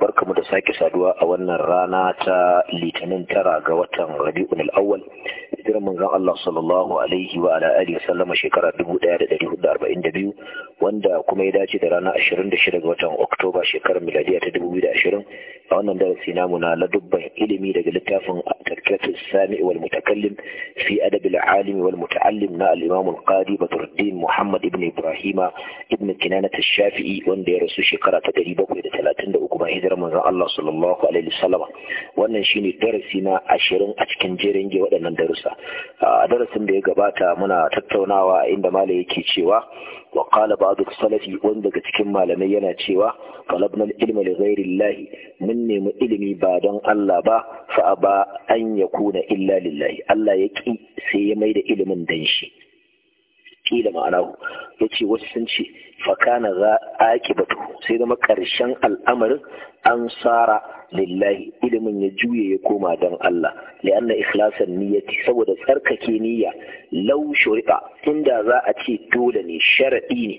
barkamu da sake saduwa a wannan rana ta litinin tara ga watan rabi'un al'awwal hijirar manzon Allah sallallahu alaihi wa ala alihi sallama shekara 1442 wanda kuma ya dace da rana 26 ga watan Oktoba shekarar miladiya ta 2020 a wannan darasi namu na ladubban ilimi daga littafin Tarkatu Sami wal Mutakallim fi Adab al-Alim wal Muta'allim na al-Imam al-Qadi Badruddin Muhammad ibn Ibrahima ibn Kinanat al-Shafi'i wanda ya rasu shekara ta 733 uku hijira hijirar manzon Allah sallallahu alaihi wasallam wannan shine darasi na ashirin a cikin jerin ge waɗannan darussa a darasin da ya gabata muna tattaunawa inda mala yake cewa wa qala ba'd salafi wanda daga cikin malamai yana cewa qalabna ilma li ghairi Allah mun nemi ilimi ba don Allah ba fa ba an yakuna illa lillahi Allah ya ki sai ya mai da ilimin dan shi da ma'anahu ya ce wasu sun ce fakana za a batu sai zama ƙarshen al'amarin an tsara lillahi ilimin ya juye ya koma don Allah li'anna ikhlasan niyyati saboda tsarkake niyya lau shari'a inda za a ce dole ne sharaɗi ne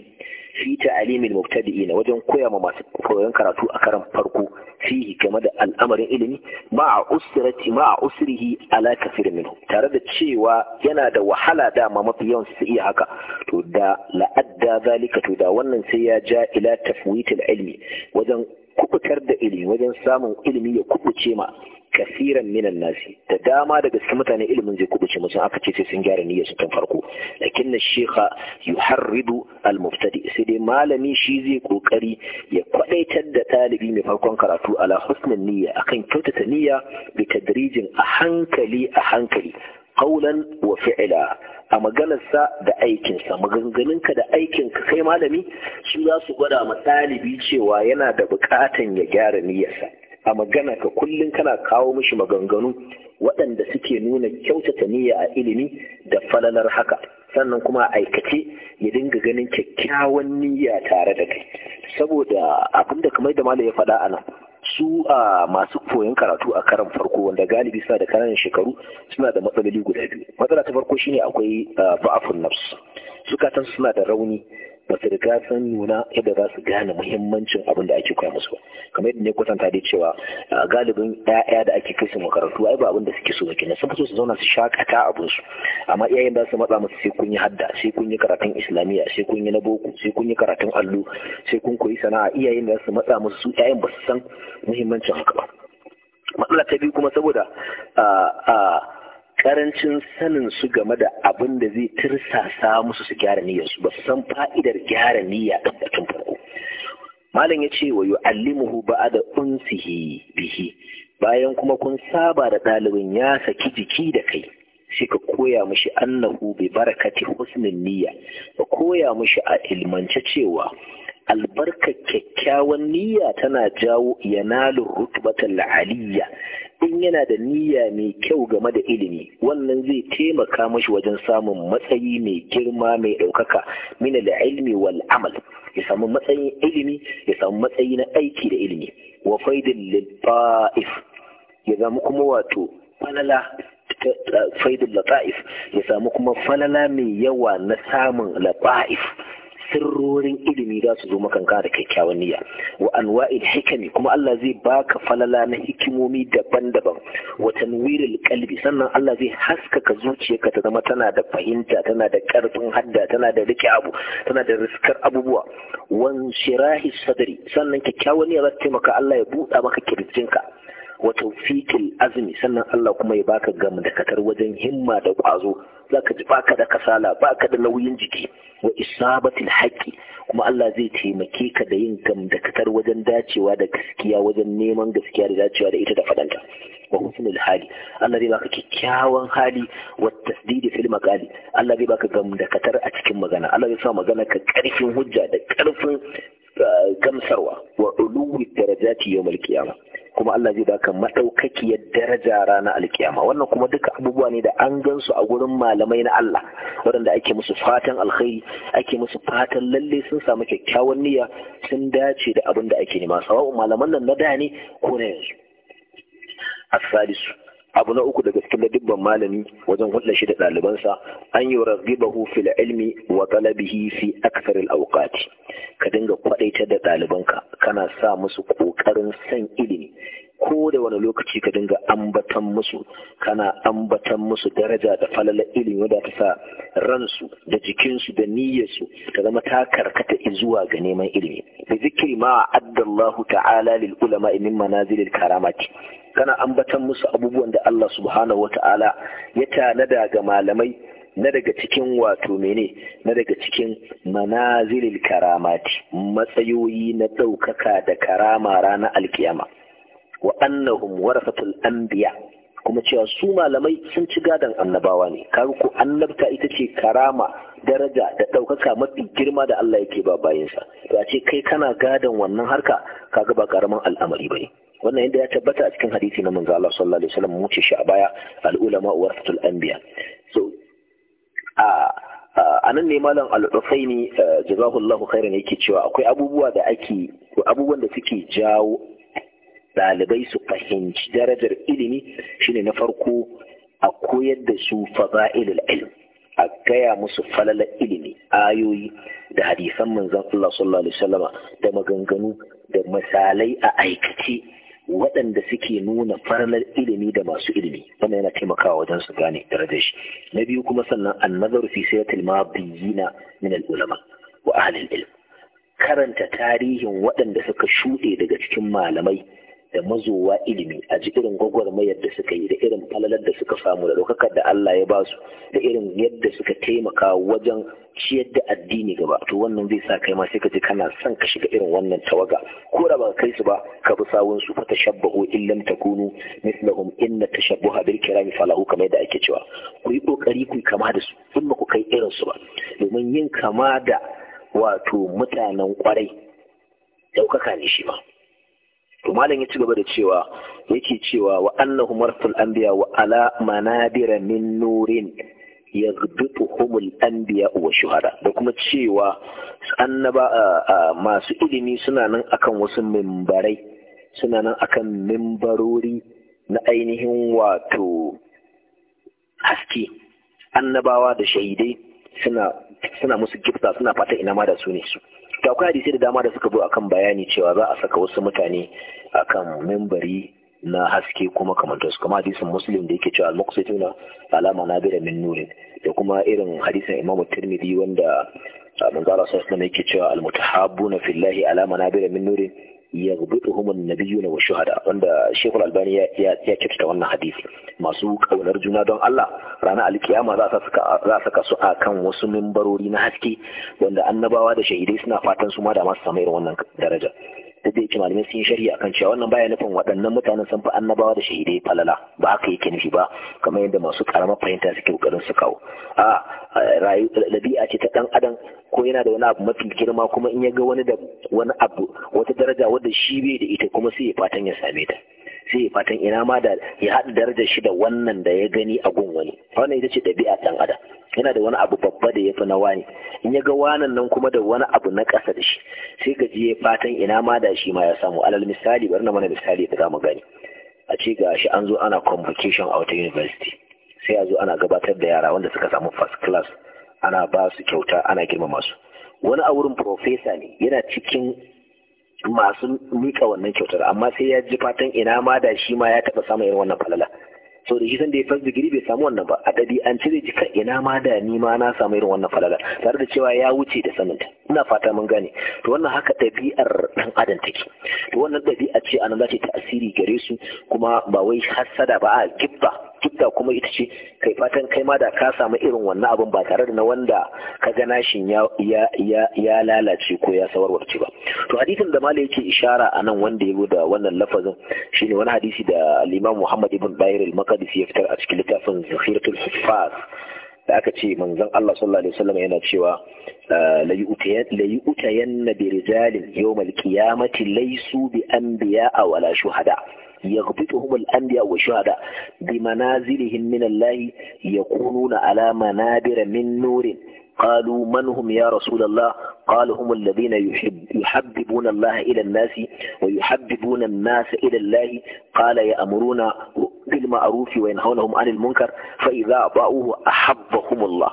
fi ta'alimin mubtadi'ina wajen koya ma masu koyon karatu a karan farko fihi game da al'amarin ilimi ma'a usrati ma'a usrihi ala kafir minhu tare da cewa yana da wahala dama mafi yawan su iya haka to da la'adda zalika to da wannan sai ya ja ila tafwitil ilmi wajen kubutar da ilimi wajen samun ilimi ya kubuce ma kasiran minan nasi da dama daga cikin mutane ilimin zai kubuce musu aka ce sai sun gyara niyyar su tun farko lakin na shekha yuharridu almuftadi sai dai malami shi zai kokari ya kwadaitar da talibi mai farkon karatu ala husnin niyya akan kyautata niyya bi tadrijin a hankali a hankali Kaulan wa fi'la a maganarsa da aikinsa maganganunka da aikinka kai malami su za su gwada ma ɗalibi cewa yana da buƙatan ya gyara niyyarsa a magana ka kullum kana kawo mishi maganganu waɗanda suke nuna kyautata niyya a ilimi da falalar haka sannan kuma aikace ya dinga ganin kyakkyawan niyya tare da kai saboda abinda kamar da malam ya faɗa a su a masu koyon karatu a karan farko wanda galibi suna da kananan shekaru suna da matsaloli guda biyu matsala ta farko shine akwai fa'afun nafs sukatansu suna da rauni ba su riga sun nuna yadda za su gane muhimmancin abin da ake koya musu ba kamar yadda ne kwatanta da cewa galibin ɗaya da ake kai su makarantu ai ba abin da suke so ba kenan sun fi so su zauna su shakata abin su amma iyayen za su matsa musu sai kun yi hadda sai kun yi karatun islamiyya sai kun yi na boko sai kun yi karatun allo sai kun koyi sana'a iyayen za su matsa musu su iyayen ba su san muhimmancin haka ba matsala ta biyu kuma saboda karancin sanin su game da abin da zai tirsasa musu su gyara niyyar su ba su san fa'idar gyara niyya a ɗaukacin tun farko malam ya ce wa yi a da unsihi bihi bayan kuma kun saba da ɗalibin ya saki jiki da kai sai ka koya mishi annahu bi barakati husnin niyya ka koya mishi a ilmance cewa albarka kyakkyawan niyya tana jawo yanalin rutbatal aliyya in yana da niyya mai kyau game da ilimi wannan zai taimaka mashi wajen samun matsayi mai girma mai ɗaukaka min ilmi wal amal ya samu matsayin ilimi ya samu matsayi na aiki da ilimi wa faidin lilfa'if ya zama kuma wato falala faidin lata'if ya samu kuma falala mai yawa na samun laba'if. sirrorin ilimi za su zo makan da kyakkyawan niyya wa anwa'il hikami kuma Allah zai baka falala na hikimomi daban-daban wa tanwiril qalbi sannan Allah zai haskaka zuciyarka ta zama tana da fahimta tana da karfin hadda tana da rike abu tana da riskar abubuwa wan shirahi sadri sannan kyakkyawan niyya za ta taimaka Allah ya buɗa maka kirjinka wa tawfiqil azmi sannan Allah kuma ya baka gamdakatar wajen himma da kwazo zaka ji baka da kasala baka da nauyin jiki wa isabatil haqqi kuma Allah zai taimake ka da yin gamdakatar wajen dacewa da gaskiya wajen neman gaskiya da dacewa da ita da fadanta wa husnul hali Allah zai baka kyakkyawan hali wa tasdidi fil maqali Allah zai baka gamdakatar a cikin magana Allah zai sa magana ka karfin hujja da karfin ah, gamsarwa wa uluwi darajati yawmal qiyamah kuma Allah zai baka madaukakiyar daraja ranar alkiyama wannan kuma duka abubuwa ne da an gansu a gurin malamai na Allah waɗanda ake musu fatan alkhairi ake musu fatan lalle sun samu kyakkyawan niyya sun dace da abin da ake nema sawa'u malaman nan na da ne ko na yanzu asalisu abu na uku daga cikin ladibban malami wajen hulɗa shi da ɗalibansa an yi ragibahu fil ilmi wa talabihi fi akthar al ka dinga kwadaita da ɗalibanka kana sa musu ƙoƙarin san ilimi ko da wani lokaci ka dinga ambatan musu kana ambatan musu daraja da falala ilimi wadda ta sa ransu da jikinsu da niyyarsu ta zama ta karkata zuwa ga neman ilimi bi zikri ma addallahu ta'ala lil ulama min manazilil karamati kana ambatan musu abubuwan da Allah subhanahu wata'ala ya tanada ga malamai na daga cikin wato mene na daga cikin manazilil karamati matsayoyi na ɗaukaka da karama ranar alkiyama wa annahum warasatul anbiya kuma cewa su malamai sun ci gadon annabawa ne kaga ku annabta ita ce karama daraja da ɗaukaka mafi girma da Allah yake ba bayansa Ya a ce kai kana gadon wannan harka kaga ba karaman al'amari bane wannan yadda ya tabbata a cikin hadisi na manzo Allah sallallahu alaihi wasallam mu ce shi a baya al ulama warasatul anbiya so a a nan ne malam al-Usaini eh, jazakallahu khairan yake cewa akwai abubuwa da ake abubuwan da suke jawo ɗalibai su fahimci darajar ilimi shine na farko a koyar da su fada'ilul ilm a gaya musu falalar ilimi ayoyi da hadisan manzon Allah sallallahu alaihi wasallama da maganganu da misalai a aikace waɗanda suke nuna farlar ilimi da masu ilimi wannan yana taimakawa wajen su gane darajar shi na biyu kuma sannan annazar fi sayatil madiyina min al ulama wa ahli al ilm karanta tarihin waɗanda suka shuɗe daga cikin malamai da mazowa ilimi a ji irin gwagwarmayar da suka yi da irin falalar da suka samu da ɗaukakar da Allah ya ba su da irin yadda suka taimaka wajen ciyar da addini gaba to wannan zai sa kai ma sai ka ji kana son ka shiga irin wannan tawaga ko da ba kai su ba ka bi sawun su fa shabbahu in takunu mislahum inna tashabbuha bil kirami falahu kamar yadda ake cewa ku yi kokari ku kama da su in ba ku kai irin su ba domin yin kama da wato mutanen kwarai ɗaukaka ne shi ma to malam ya ci gaba da cewa yake cewa wa annahu marsul anbiya wa ala manabira min nurin anbiya wa shuhada da kuma cewa annaba masu ilimi suna nan akan wasu mimbarai suna nan akan mimbarori na ainihin wato haske annabawa da Shaidai suna suna musu gifta suna fata ina ma da su ne to akwai hadisi da dama da suka zo akan bayani cewa za a saka wasu mutane akan membari na haske kuma kamar su kuma hadisin muslim da yake cewa al-muqsituna alama nabira min nurin da kuma irin hadisin imamu tirmidhi wanda manzara Allah sallallahu alaihi wasallam yake cewa al-mutahabbuna fillahi alama nabira min nurin ya gubutu na biyu na wasu wanda shekul albani ya cikita wannan hadisi masu kaunar juna don Allah ranar alkiyama za a saka su a kan wasu mimbarori na haske wanda annabawa da shahidai suna fatan su ma da masu samayar wannan daraja da da yake malamai sun yi sharia kan cewa wannan baya nufin waɗannan mutanen sun fi annabawa da shahidai falala ba aka yake nufi ba kamar yadda masu karamar fahimta suke ƙoƙarin su kawo a ɗabi'a ce ta ɗan adam ko yana da wani abu mafi girma kuma in ya ga wani da wani abu wata daraja wadda shi bai da ita kuma sai ya fatan ya same ta sai ya fatan ina ma da ya haɗa darajar shi da wannan da ya gani a gun wani wannan ita ce ɗabi'a ɗan adam yana da wani abu babba da ya fi na wani in ya ga wanan nan kuma da wani abu na ƙasa da shi sai ka ji fatan ina ma da shi ma ya samu alal misali bari na mana misali da zamu gani a ce ga shi an zo ana convocation a wata university sai a zo ana gabatar da yara wanda suka samu first class ana ba su kyauta ana girmama su wani a wurin professor ne yana cikin masu mika wannan kyautar amma sai ya ji fatan ina ma da shi ma ya taɓa samun irin wannan falala Sau da shi sanda ya first degree bai samu wannan ba a ɗabi'ance zai ji jika ina ma da ni ma na samu irin wannan falala tare da cewa ya wuce da sanin ta ina fata mun gane to wannan haka ɗabi'ar ɗan adam take to wannan ɗabi'a ce anan za ta tasiri gare su kuma ba wai hasada ba a gibba hibda kuma ita ce kai fatan kai ma da ka samu irin wannan abin ba tare da na wanda ka ga nashin ya lalace ko ya sawarwarce ba to hadisin da malai yake ishara a nan wanda ya da wannan lafazin shine wani hadisi da al-Imam Muhammad ibn Bayr al-Maqdisi ya fitar a cikin littafin Zuhiratul Huffaz da aka ce manzon Allah sallallahu alaihi wasallam yana cewa ah, la yu'tayanna bi rijalin yawmal qiyamati laysu bi anbiya wala shuhada يغبطهم الأنبياء والشهداء بمنازلهم من الله يكونون على منابر من نور قالوا من هم يا رسول الله قال هم الذين يحب يحببون الله إلى الناس ويحببون الناس إلى الله قال يأمرون بالمعروف وينهونهم عن المنكر فإذا أطاعوه أحبهم الله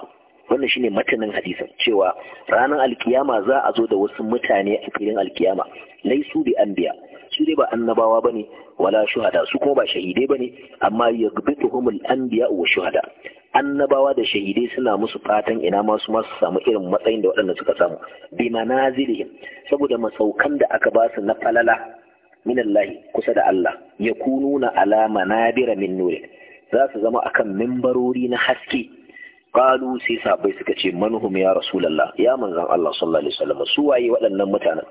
wannan shine matanin hadisin cewa ranar alkiyama za a zo da wasu mutane a filin alkiyama laisu bi anbiya shi dai ba annabawa bane wala shuhada su kuma ba shahidai bane amma yaghbituhumul anbiya wa shuhada annabawa da shahidai suna musu fatan ina ma su masu samu irin matsayin da waɗanda suka samu bi manazilihim saboda masaukan da aka ba su na falala min Allah kusa da Allah yakununa ala manabira min nuri za su zama akan mimbarori na haske qalu sai sabai suka ce manhum ya rasulullah ya manzon Allah sallallahu alaihi wasallam su waye waɗannan mutanen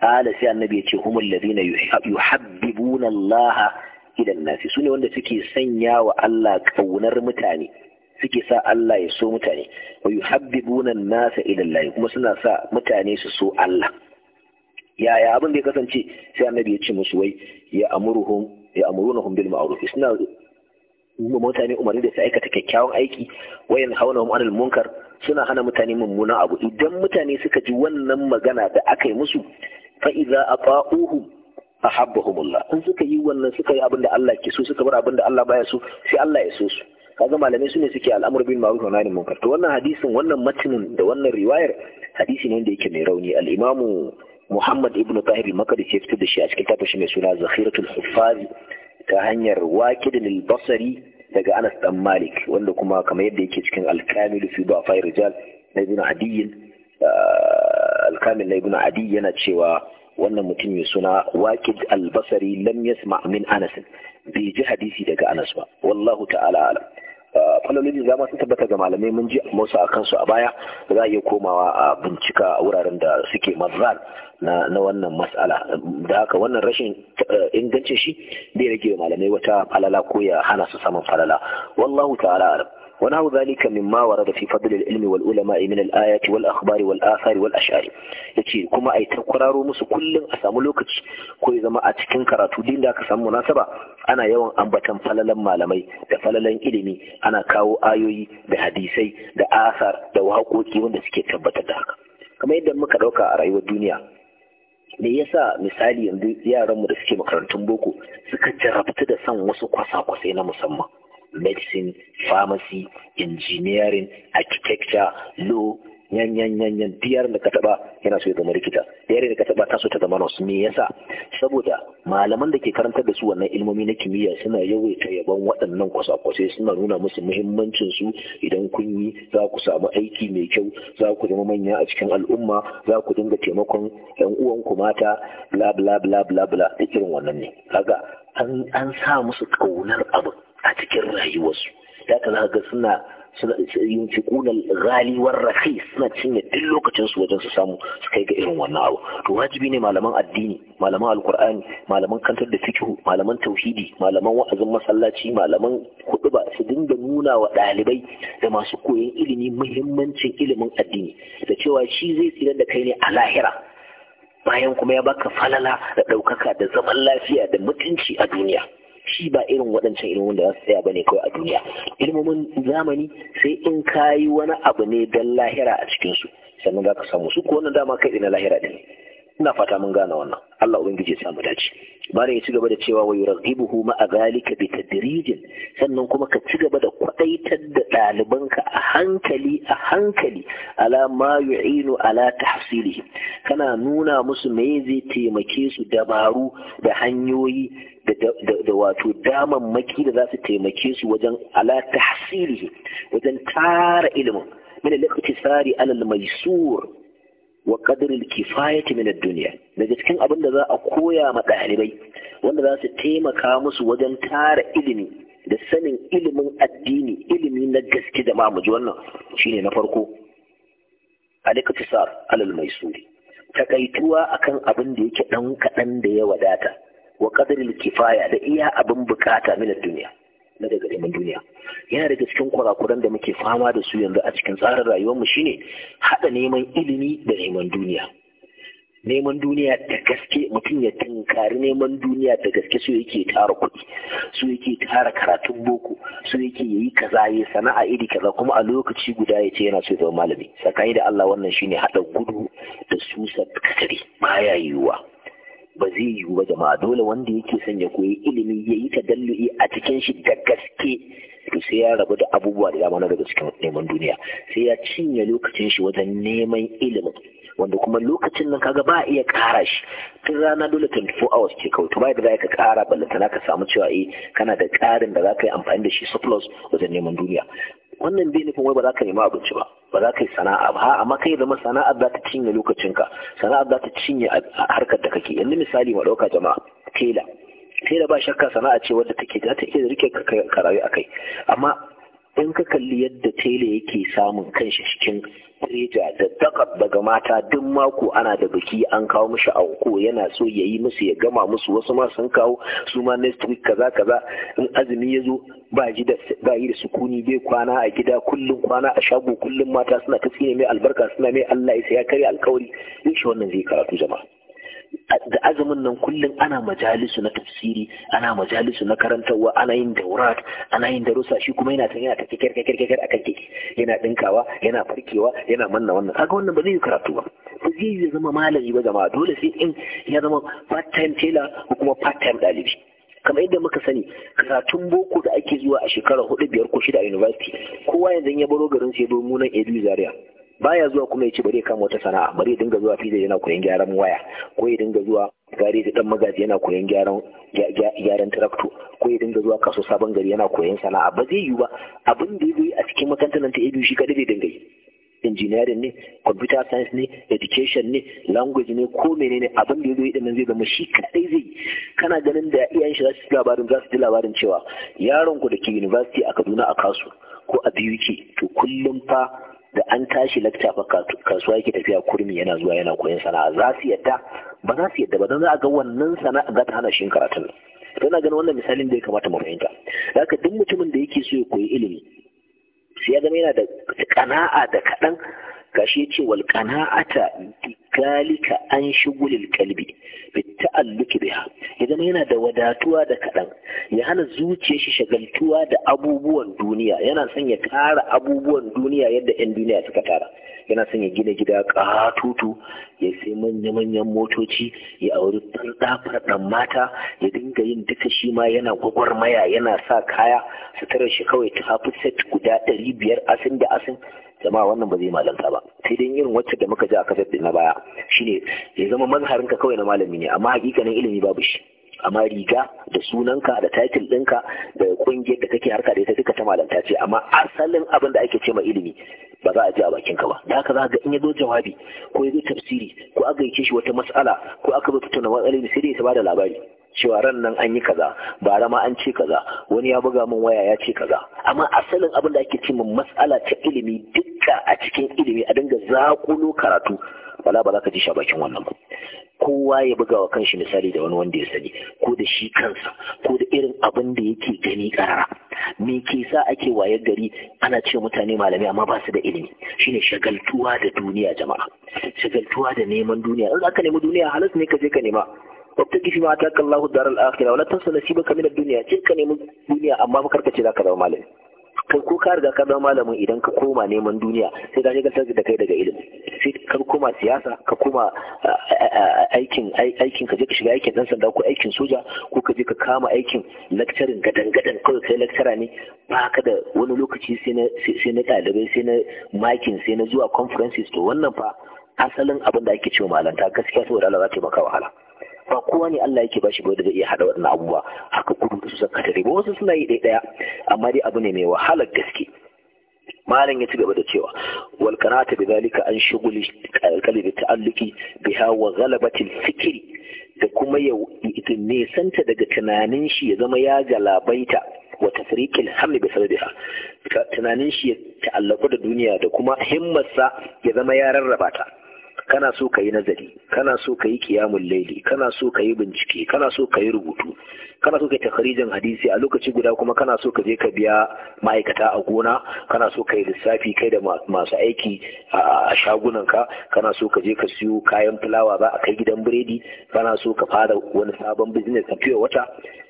kala sai annabi ya ce humul ladina yuhabbibuna Allah ila nasi sune wanda suke sanya wa Allah kaunar mutane suke sa Allah ya so mutane wa yuhabbibuna nasa ila Allah kuma suna sa mutane su so Allah yaya abin da ya kasance sai annabi ya ce musu wai ya amuruhum ya amurunahum bil ma'ruf suna mutane umarni da su aikata kyakkyawan aiki wayan haunahum anil munkar suna hana mutane mummunan abu idan mutane suka ji wannan magana da aka yi musu fa iza ata'uhum ahabbahumullah in suka yi wannan suka yi abin da Allah ke so suka bar abin da Allah baya so sai Allah ya so su kaga malamai su ne suke al'amur bin ma'ruf wa nahi munkar to wannan hadisin wannan matnin da wannan riwayar hadisi ne wanda yake mai rauni al-imamu Muhammad ibn Tahir al-Makdisi ya fitar da shi a cikin shi mai suna Zakhiratul Huffaz ta hanyar Waqid al-Basri daga Anas dan Malik wanda kuma kamar yadda yake cikin al-Kamil fi Du'afa Rijal na Ibn Adiyyin ah, kamil ibn adi yana cewa wannan mutum mai suna waqid al-basri lam yasma min anas bai ji hadisi daga anas ba wallahu ta'ala alam uh, falalolin zama sun tabbata ga malamai mun ji musu a kansu a baya za a iya komawa a bincika wuraren da suke mazal na wannan matsala da haka wannan rashin uh, ingancin shi bai rage malamai wata falala ko ya hana su saman falala wallahu ta'ala alam Wani ونحو ذلك مما ورد في فضل العلم والعلماء من الآيات والأخبار والآثار والأشعار yace kuma ai ta kwararo musu kullum a samu lokaci ko ya zama a cikin karatu din da aka samu munasaba ana yawan ambatan falalan malamai da falalan ilimi ana kawo ayoyi da hadisai da asar da waƙoƙi wanda suke tabbatar da haka Kama yadda muka ɗauka a rayuwar duniya me yasa misali yanzu yaranmu da suke makarantun boko suka jarabtu da son wasu kwasa-kwasai na musamman medicine pharmacy engineering architecture law yan yan yan diyar da ka taba yana so ya zama likita diyar da ka taba ta so ta zama nurse me yasa saboda malaman da ke karantar da su wannan ilmomi na kimiyya suna yawaita yaban waɗannan kwasa-kwasai suna nuna musu muhimmancin su idan kun yi za ku samu aiki mai kyau za ku zama manya a cikin al'umma za ku dinga taimakon yan uwan ku mata bla bla bla bla bla da irin wannan ne kaga an sa musu kaunar abin a cikin rayuwarsu ya ka za ga suna yin cikunan ghali rafi suna cinye duk lokacinsu wajen su samu su kai ga irin wannan abu to wajibi ne malaman addini malaman alkur'ani malaman kantar da fikihu malaman tauhidi malaman wa'azin masallaci malaman kuduba su dinga nuna wa ɗalibai da masu koyon ilimi muhimmancin ilimin addini da cewa shi zai tsira da kai ne a lahira bayan kuma ya baka falala da ɗaukaka da zaman lafiya da mutunci a duniya shi ba irin waɗancan ilimin da za su tsaya ba ne kawai a duniya ilimin zamani sai in ka yi wani abu ne don lahira a cikinsu sannan za ka samu su ko wannan dama kai na lahira ɗin ina fata mun gane wannan Allah ubangiji ya samu dace bari ya ci gaba da cewa wa yuraghibuhu ma zalika bi tadrijin sannan kuma ka ci gaba da kwadaitar da ɗalibanka a hankali a hankali ala ma yu'inu ala tahsilihi kana nuna musu me zai taimake su dabaru da hanyoyi da wato damammaki da za su taimake su wajen ala tahsilihi wajen tara ilimin min al-iqtisari ala al-maysur wa qadril kifayati min duniya, daga cikin abin da za a koya ma ɗalibai wanda za su taimaka musu wajen tara ilimi da sanin ilimin addini ilimi na gaske da mamuji wannan shine na farko aliktisar alal maisuri takaituwa akan abin da yake ɗan kaɗan da ya wadata wa qadril kifaya da iya abin bukata min duniya. na daga neman duniya yana daga cikin kurakuran da muke fama da su yanzu a cikin tsarin rayuwarmu shine haɗa neman ilimi da neman duniya neman duniya da gaske mutum ya tunkari neman duniya da gaske su yake tara kuɗi su yake tara karatun boko su yake yayi kaza ya sana'a iri kaza kuma a lokaci guda ya ce yana so ya zama malami tsakani da Allah wannan shine haɗa gudu da su sakari baya yiwuwa ba zai yiwu ba jama'a dole wanda yake son ya koyi ilimi ya yi ta tadallu'i a cikin shi da gaske to sai ya rabu da abubuwa da dama na daga cikin neman duniya sai ya cinye lokacin shi wajen neman ilimin wanda kuma lokacin nan kaga ba a iya kara shi tun rana dole 24 hours ce kawai to ba da za ka kara ballantana ka samu cewa eh kana da karin da za ka yi amfani da shi surplus wajen neman duniya wannan bai nufin wai ba za ka nemi abinci ba ba za ka yi sana'a ba amma kai zama sana'a za ta cinye lokacinka sana'ar za ta cinye harkar da kake yanzu misali ma ɗauka jama'a tela tela ba shakka sana'a ce wadda take za ta iya rike ka rayu kai amma in ka kalli yadda tela yake samun kanshi cikin sireta da dakab daga mata duk mako ana da biki an kawo mishi auko yana so ya yi musu ya gama musu wasu ma sun kawo su ma next week kaza kaza in azumi ya zo ba ji da ba yi da sukuni bai kwana a gida kullum kwana a shago kullum mata suna ta tsine mai albarka suna mai Allah ya karya alkawari in shi wannan zai karatu jama'a da azumin nan kullum ana majalisu na tafsiri ana majalisu na karantarwa ana yin daurat ana yin darussa shi kuma yana tafiya ta kikir kikir kikir akan kike yana dinkawa yana farkewa yana manna wannan kaga wannan ba zai yi karatu ba ba zai yi zama malami ba jama'a dole sai in ya zama part time tailor ko kuma part time dalibi kamar yadda muka sani karatun boko da ake zuwa a shekara hudu biyar ko shida a university kowa yanzu ya baro garin sai domin nan edu zaria baya zuwa kuma ya ce bari ya kama wata sana'a bari ya dinga zuwa fija yana koyon gyaran waya ko ya dinga zuwa gari da dan magaji yana koyon gyaran gyaran tarakto ko ya dinga zuwa kaso sabon gari yana koyon sana'a ba zai yiwu ba abin da zai a cikin makarantar nan ta edu shi kadai zai dinga yi engineering ne computer science ne education ne language ne ko menene abin da zai dinnan zai zama shi kadai zai kana ganin da iyayen shi za su ji labarin za su ji labarin cewa yaron ku da ke university a Kaduna a Kasu ko a BUK to kullum fa da an tashi lakta kasuwa yake tafiya kurmi yana zuwa yana koyon sana'a za su yadda ba za su yadda ba don za a ga wannan sana'a za ta hana shi karatun don na ganin wannan misalin da ya kamata mu fahimta haka duk mutumin da yake so ya koyi ilimi sai ya zama yana da kana'a da kaɗan gashi ya ce wal kana'ata zalika an shigulil kalbi bi ta'alluki ya zama yana da wadatuwa da kaɗan ya hana zuciyar shagaltuwa da abubuwan duniya yana son ya tara abubuwan duniya yadda 'yan duniya suka tara yana son ya gina gida katutu ya sai manya-manyan motoci ya auri farɗa ɗan mata ya dinga yin duka shi ma yana gwagwarmaya yana sa kaya sutarar shi kawai ta hafi set guda ɗari biyar asin da asin jama'a wannan ba zai malanta ba sai dai yin wacce da muka ji a kasar na baya shine ya zama ka kawai na malami ne amma hakikanin ilimi babu shi amma riga da sunanka da title ɗinka da kungiyar da kake harka da ita duka ta malanta ce amma asalin abin da ake ce ilimi ba za a ji a bakinka ba da haka za ga in ya zo jawabi ko ya zo tafsiri ko aka yi shi wata mas'ala ko aka zo tattauna matsaloli sai dai ta da labari cewa ran nan an yi kaza ra ma an ce kaza wani ya buga min waya ya ce kaza amma asalin abin da ake ce min mas'ala ta ilimi duk haƙiƙa a cikin ilimi a dinga zaƙulo karatu wala ba za ka ji sha bakin wannan ba kowa ya buga wa kanshi misali da wani wanda ya sani ko da shi kansa ko da irin abin da yake gani karara me ke sa ake wayar gari ana ce mutane malami amma ba su da ilimi shine shagaltuwa da duniya jama'a shagaltuwa da neman duniya in ka nemi duniya halas ne ka je ka nema wata fi ma ta Allahu daral akhirah wala tansa nasibaka min ad-dunya je ka nemi duniya amma ba karka ce ka zama malami kai ko ka riga ka zama malamin idan ka koma neman duniya sai ka shigar da kai daga ilimi sai ka koma siyasa ka koma aikin aikin ka je ka shiga aikin dan sanda ko aikin soja ko ka je ka kama aikin lecturing gadan gadan kawai kai lecturer ne ba ka da wani lokaci sai na sai na ɗalibai sai na makin sai na zuwa conferences to wannan fa asalin abin da ake cewa malanta gaskiya saboda Allah za ta maka wahala ba kowa ne Allah yake bashi ba da zai iya hada waɗannan abubuwa haka kudu da su sakatare ba wasu suna yi ɗaya ɗaya amma dai abu ne mai wahalar gaske malam ya ci gaba da cewa wal qanata bi zalika an shughuli kalib ta'alluqi biha wa ghalabati fikri da kuma ya nesanta daga tunanin shi ya zama ya galabaita wa tafriqil hamli bi sababiha tunanin shi ya ta'allaku da duniya da kuma himmarsa ya zama ya rarrabata. ta kana so ka yi nazari kana so ka yi kiyamun laili kana so ka yi bincike kana so ka yi rubutu kana so ka yi takarijin hadisi a lokaci guda kuma kana so ka je ka biya ma'aikata a gona kana so ka yi lissafi kai da masu aiki a shagunanka kana so ka je ka siyo kayan fulawa za a kai gidan biredi kana so ka fara wani sabon business a fiye wata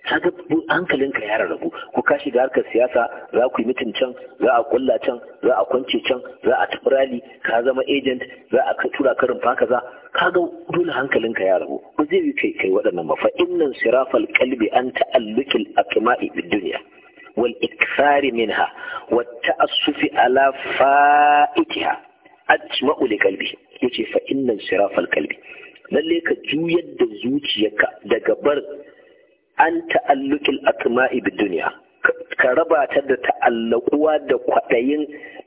kaga hankalinka ya rarrabu ko ka shiga harkar siyasa za ku yi mitin can za a kulla can za a kwance can za a tafi rali ka zama agent za a tura karin za Ka ga dole hankalinka ya rabu ba zai yi kai kai waɗannan ba fa innan sirafal kalbi an ta'allukil aqma'i bid dunya wal ikthari minha wa ta'assufi ala fa'itiha ajma'u li qalbi yace fa innan sirafal kalbi lalle ka juyar da zuciyarka daga bar an ta'alluqil akma'i bi duniya, ka raba ta da ta'allakuwa da kwaɗayin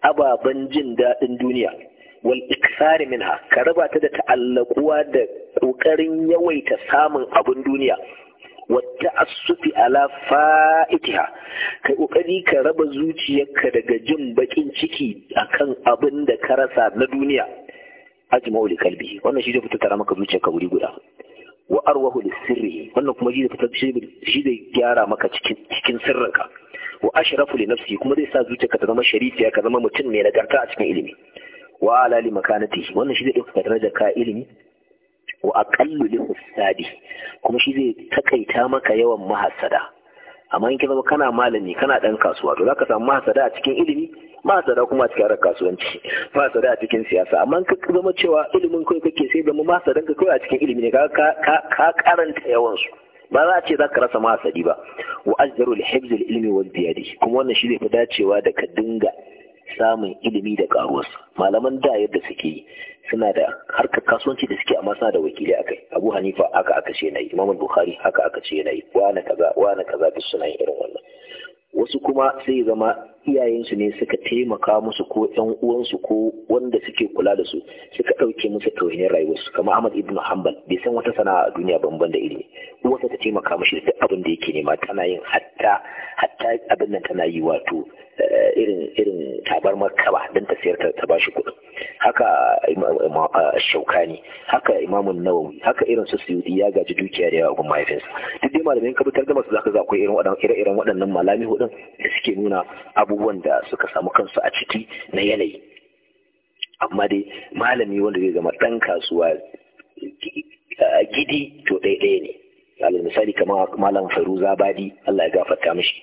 ababen jin daɗin duniya wal iksari minha ka raba ta da ta'allakuwa da ƙoƙarin yawaita samun abin duniya wata asufi ala fa'itiha kai ƙoƙari ka raba zuciyarka daga jin baƙin ciki akan abin da ka rasa na duniya ajma'ul kalbi wannan shi zai fito tara maka zuciyarka wuri guda wa arwahu sirri wannan kuma shi zai shi zai gyara maka cikin sirrinka wa ashrafu li nafsi kuma zai sa zuciyarka ta zama sharifiya ka zama mutum mai nagarta a cikin ilimi wa ala li makanati wannan shi zai dauka daraja ka ilimi wa aqallu li husadi kuma shi zai takaita maka yawan mahasada amma in ka zama kana malami kana dan kasuwa to zaka samu mahasada a cikin ilimi ba kuma cikin harkar kasuwanci ba a cikin siyasa amma ka zama cewa ilimin kai kake sai zama ma ka kai a cikin ilimi ne ka ka karanta yawan su ba za a ce za ka rasa ma ba wa azzaru al ilmi wal diyadi kuma wannan shi ne fa dacewa da ka dinga samun ilimi da karuwarsa malaman da yadda suke yi suna da harkar kasuwanci da suke amma suna da wakilai akai abu hanifa haka aka ce nayi imam bukhari haka aka ce nayi wani kaza wani kaza duk suna yin irin wannan wasu kuma sai zama iyayensu ne suka taimaka musu ko 'yan uwansu ko wanda suke kula da su suka ɗauke musu tauhinin rayuwarsu kamar Ahmad ibn Hanbal bai san wata sana'a a duniya banban da ilimi sai ta taimaka mishi da abin da yake nema tana yin hatta hatta abin nan tana yi wato eh, irin irin tabarmar ba, don ta sayar ta bashi kuɗin haka uh, shaukani haka imamun nawawi haka irin su suyudi ya gaji dukiya da yawa gun mahaifinsa duk dai malamai ka fitar da masu zaka za irin waɗannan irin waɗannan malami hudun da suke nuna abubuwan da suka samu kansu a ciki na yanayi amma dai malami wanda zai zama ɗan kasuwa uh, gidi to ɗaya ɗaya ne misali kamar malam faruza badi Allah ya gafarta mishi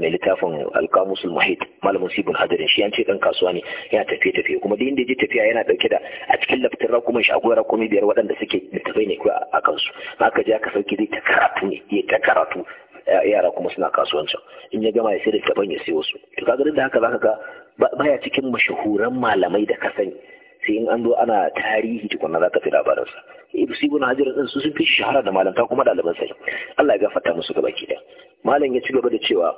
mai littafin alkamusul muhit malamin sibin hadari shi yance ce dan kasuwa ne yana tafiye tafiye kuma duk inda je tafiya yana dauke da a cikin laftin rakumin shi akwai rakumi biyar waɗanda suke littafai ne kuwa a kansu haka je aka sauke zai ta karatu ne ya ta karatu yara kuma suna kasuwancin in ya gama ya sai littafan ya sai wasu to kaga duk da haka zaka ga baya cikin mashahuran malamai da ka sani sai in an zo ana tarihi tukunna zaka fi labarinsa ibn hajar din su sun fi shahara da malanta kuma ɗaliban sai Allah ya gafarta musu gaba ki malam ya ci gaba da cewa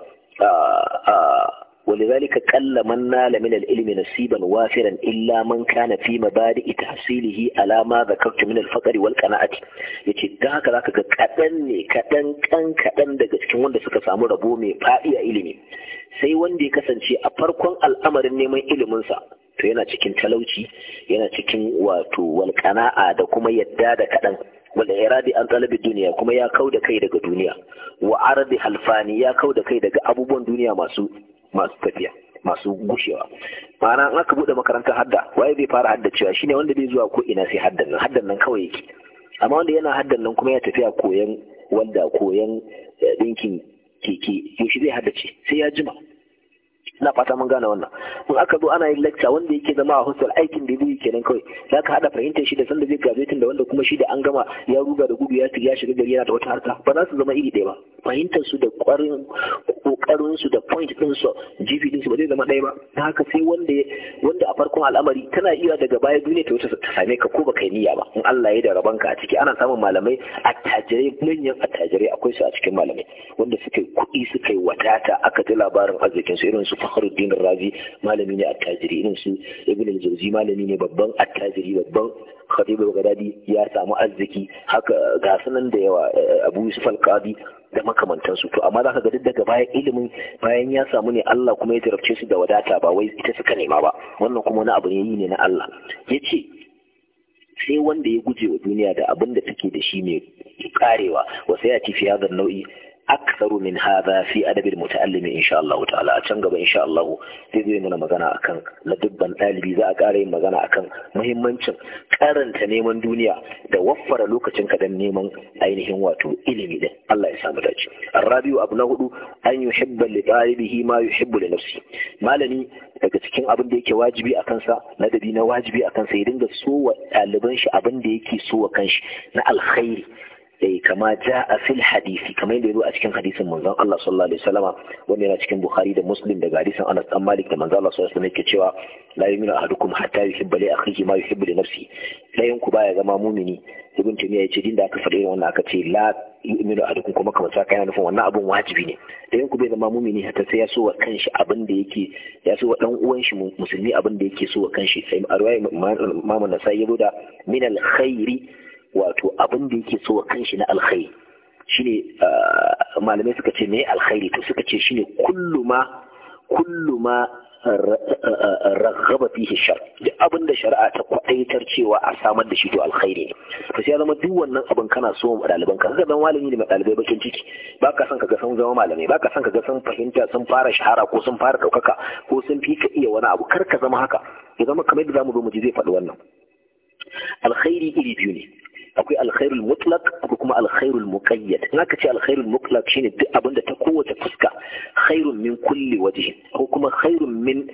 ولذلك قل من نال من العلم نصيبا وافرا إلا من كان في مبادئ تحصيله على ما ذكرت من الفقر والقناعة yace ta haka zaka ga kadan ne kadan kan kadan daga cikin wanda suka samu rabo mai fadi a ilimi sai wanda ya kasance a farkon al'amarin neman ilimin sa to yana cikin talauci yana cikin wato walƙana'a da kuma yadda da kaɗan ya iradi an talabi duniya kuma ya kau da kai daga duniya wa aradi alfani ya kau da kai daga abubuwan duniya masu masu tafiya masu gushewa ma'ana an aka bude makarantar hadda waye zai fara hadda cewa shine wanda bai zuwa ko ina sai haddan nan haddan nan kawai yake amma wanda yana haddan nan kuma ya tafiya koyan wanda koyan dinkin eh, keke yaushe zai haddace sai ya jima ina fata mun gane wannan in aka zo ana yin lecture wanda yake zama a hostel aikin da zai kenan kawai za ka hada fahimtar shi da sanda zai graduate da wanda kuma shi da an gama ya ruga da gudu ya ya shiga gari yana da wata harka ba za su zama iri ɗaya ba fahimtar su da ƙwarin kokarin su da point din su GP din su ba zai zama ɗaya ba ta haka sai wanda wanda a farkon al'amari tana iya daga baya duniya ta wuce ta same ka ko baka yi niyya ba in Allah ya da raban ka a ciki ana samun malamai attajirai manyan attajirai akwai su a cikin malamai wanda suka yi kuɗi suka yi wadata aka ji labarin arzikin su irin su Fakhruddin Razi malami ne attajiri irin su Ibn jawzi malami ne babban attajiri babban Khadija Bagdadi ya samu arziki haka ga sanan da yawa eh, Abu Yusuf al-Qadi da makamantansu to amma za ka ga duk daga bayan ilimin bayan ya samu ne Allah kuma ya jarabce su da wadata ba wai ita suka nema ba wannan kuma wani abu ne yi ne na Allah ya ce sai wanda ya guje wa duniya da abin da take da shi ne karewa wasu ya tafi nau'i aksaru min hadha fi adabil muta'allimi insha Allah ta'ala a can gaba insha Allah zai zai mana magana akan ladubban dalibi za a ƙara yin magana akan muhimmancin karanta neman duniya da waffara lokacin ka dan neman ainihin wato ilimi din Allah ya samu dace arabiu abu na hudu an yuhibba li talibihi ma yuhibbu li nafsi malami daga cikin abin da yake wajibi a kansa ladabi na wajibi a kansa ya dinga so wa ɗaliban shi abin da yake sowa kanshi na alkhairi eh kama a fil hadisi kama yadda yazo a cikin hadisin manzon Allah sallallahu alaihi wasallama wanda yana cikin Bukhari da Muslim daga hadisin an dan Malik da manzon Allah sallallahu alaihi wasallam yake cewa la yu'minu a hatta yuhibba li akhihi ma yuhibbu li nafsihi dayan ku baya zama mumini ibn Taymiyyah yace din da aka faɗi wannan aka ce la yu'minu ahadukum kuma wajibi ne dayan ku bai zama mumini hatta ya so wa kanshi abin da yake so wa dan uwan shi musulmi abin yake so wa kanshi sai a da min khairi wato abin da yake so kanshi na alkhairi shine uh, malamai suka ce mai alkhairi to suka ce shine kullu ma kullu ma raghaba fihi shar duk abin da shari'a ta kwadaitar cewa a samar da shi to alkhairi ne to sai zama duk wannan abin kana so mu daliban ka ga dan walimi ne ma dalibai bakin ciki ba ka san kaga sun zama malamai ba ka san kaga sun fahimta sun fara shahara ko sun fara ɗaukaka ko sun fi ka iya wani abu kar ka zama haka ya zama kamar da zamu zo mu ji zai faɗi wannan alkhairi iri biyu ne akwai alkhairul mutlaq akwai kuma alkhairul muqayyad in aka ce alkhairul mutlaq shine duk abin da ta kowace fuska khairun min kulli wajhin ko kuma khairun min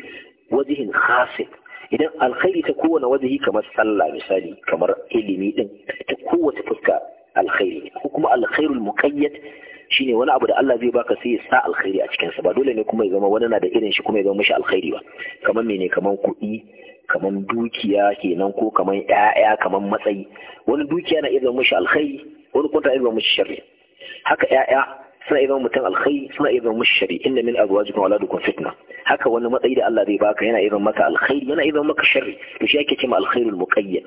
wajhin khasin idan alkhairi ta kowane wajhi kamar sallah misali kamar ilimi din ta kowace fuska alkhairi ko kuma alkhairul muqayyad shine wani abu da Allah zai baka sai ya sa alkhairi a cikinsa ba dole ne kuma ya zama wani na da irin shi kuma ya zama mashi alkhairi ba kamar mene kamar kuɗi kaman dukiya kenan ko kaman ƴaƴa kaman matsayi wani dukiya na iya mishi alkhairi wani kuma ta iya mishi sharri haka ƴaƴa suna iya mutum alkhairi suna iya mishi sharri inna min azwajikum auladukum fitna haka wani matsayi da Allah zai baka yana iya maka alkhairi yana iya maka sharri to shi ake cewa alkhairul muqayyad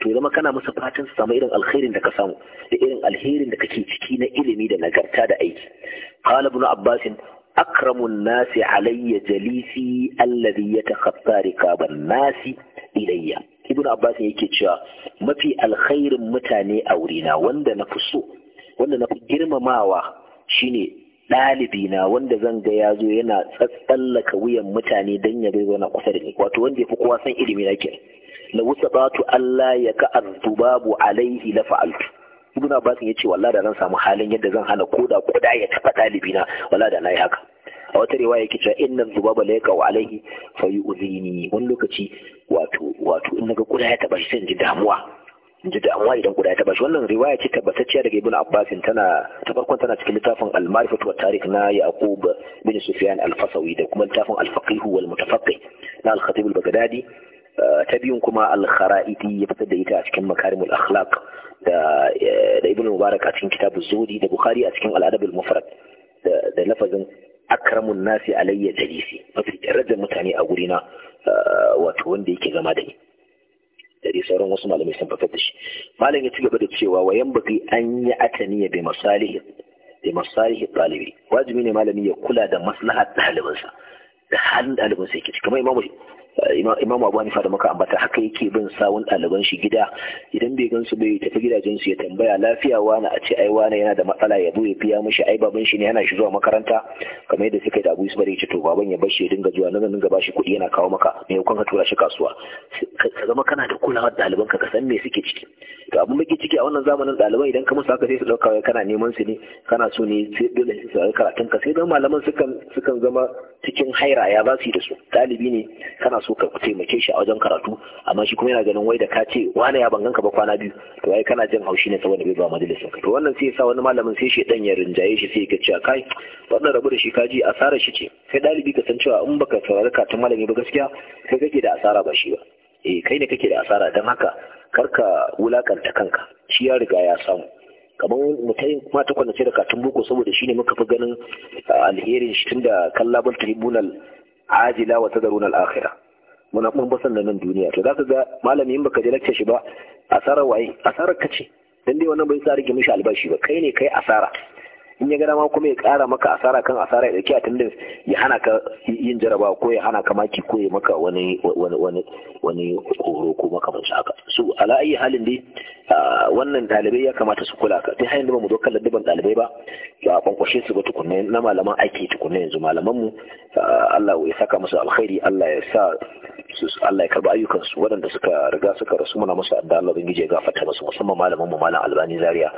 to zama kana masa fatan su samu irin alkhairin da ka samu da irin alherin da kake ciki na ilimi da nagarta da aiki qala ibn abbas akramun nasi alayya jalisi alladhi yatakhaffa rikaban nasi ilayya ibnu abbas yake cewa mafi alkhairin mutane a wurina wanda na fi so wanda na girmamawa shine ɗalibi na wanda zan ga ya zo yana tsatsallaka wuyan mutane don ya bai wani kusa da ni wato wanda ya fi kowa san ilimi na ke la wusa Allah ya ka babu alaihi la fa'altu ibn abbas ya ce wallahi da zan samu halin yadda zan hana koda koda ya tafa dalibi na wallahi da nayi haka a wata riwaya yake cewa inna zubaba la yaqau alaihi fa yu'zini wani lokaci wato wato in naga koda ya taba shi sai in ji damuwa in ji damuwa idan koda ya taba shi wannan riwaya ce tabbatacciya daga ibn abbas tana ta farkon tana cikin littafin al-ma'rifatu wa tarikh na yaqub bin sufyan al-fasawi da kuma littafin al-faqih wal mutafaqqih na al-khatib al-baghdadi ta biyun kuma al-khara'iti ya fitar da ita a cikin makarimul akhlaq da da mubarak a cikin kitab zuhudi da bukhari a cikin al-adab al-mufrad da lafazin akramun nasi alayya jalisi mafi darajar mutane a guri na wato wanda yake zama da ni da dai sauran wasu malamai sun fitar da shi malam ya ci gaba da cewa wayan baki an yi ataniya bi masalihi bi masalihi talibi wajibi ne malami ya kula da maslahat ɗalibinsa da halin ɗalibinsa yake kamar imamu imam abu hanifa da maka ambata haka yake bin sawun ɗaliban shi gida idan bai gansu bai tafi gidajen su ya tambaya lafiya wani a ce ai wani yana da matsala ya ya biya mishi ai baban shi ne yana shi zuwa makaranta kamar yadda suka yi da abu yusuf ya ce to baban ya bashi ya dinga zuwa nan dinga bashi kuɗi yana kawo maka me yakon ka tura shi kasuwa ka zama kana da kulawa ɗaliban ka ka san me suke ciki to abun muke ciki a wannan zamanin ɗaliban idan ka musu haka sai su ɗauka kana neman su ne kana so ne sai dole su karatun ka sai don malaman sukan sukan zama cikin haira ya ba su da su dalibi ne kana so ka taimake shi a wajen karatu amma shi kuma yana ganin wai da ka ce wani ya bangan ka ba kwana biyu to ai kana jin haushi ne saboda bai ba majalisin to wannan sai sa wani malamin sai shi dan ya rinjaye shi sai ya ce kai wannan rabu da shi kaji asara shi ce kai dalibi ka san cewa in baka saurari katin malami ba gaskiya kai kake da asara ba shi ba eh kai ne kake da asara dan haka karka wulakanta kanka shi ya riga ya samu kamar mu ma ta kwanace da katun boko saboda shine muka fi ganin alherin shi tunda kallabal tribunal ajila wa tadaruna al-akhirah muna kuma basan nan duniya to zaka ga malami in baka je lecture shi ba asara waye asara kace dan dai wannan bai sa rike mishi albashi ba kai ne kai asara in ya gada ma kuma ya kara maka asara kan asara ya ɗauki attendance ya hana ka yin jarabawa ko ya hana ka maki ko ya maka wani wani wani horo ko ban haka su ala ayi halin dai wannan ɗalibai ya kamata su kula ka ta hanyar da ba mu zo kallon laddaban ɗalibai ba ba kwankwashe su ba tukunna na malaman aiki tukunna yanzu malaman mu Allah ya saka musu alkhairi Allah ya sa su Allah ya karba ayyukan su waɗanda suka riga suka rasu muna musu addu'a Allah ubangiji ya gafarta musu musamman malamin mu malam Albani Zaria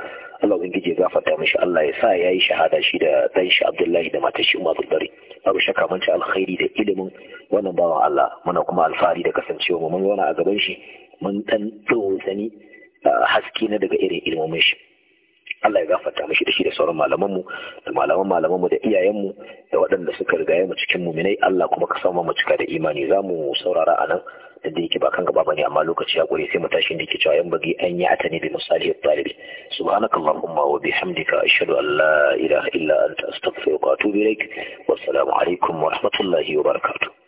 Allah ubangiji ya gafarta mishi Allah ya sa yayi shahada shi da dan shi Abdullahi da matar shi Umar Dare babu shakka mun ci alkhairi da ilimin wannan bawan Allah muna kuma alfahari da kasancewa mu mun zauna a gaban shi mun dan tsawo sani ah, haske na daga irin ilmomin shi Allah ya gafarta mishi da shi da sauran malamanmu da malaman malamanmu da iyayenmu da waɗanda suka riga mu cikin muminai Allah kuma ka samu mu cika da imani za mu saurara a nan da da yake ba kan gaba bane amma lokaci ya gure sai mu tashi da yake cewa yan bagi an yi atani bi misali talibi subhanakallahumma wa bihamdika ashhadu an la ilaha illa anta astaghfiruka wa atubu ilaik assalamu alaikum wa rahmatullahi wa barakatuh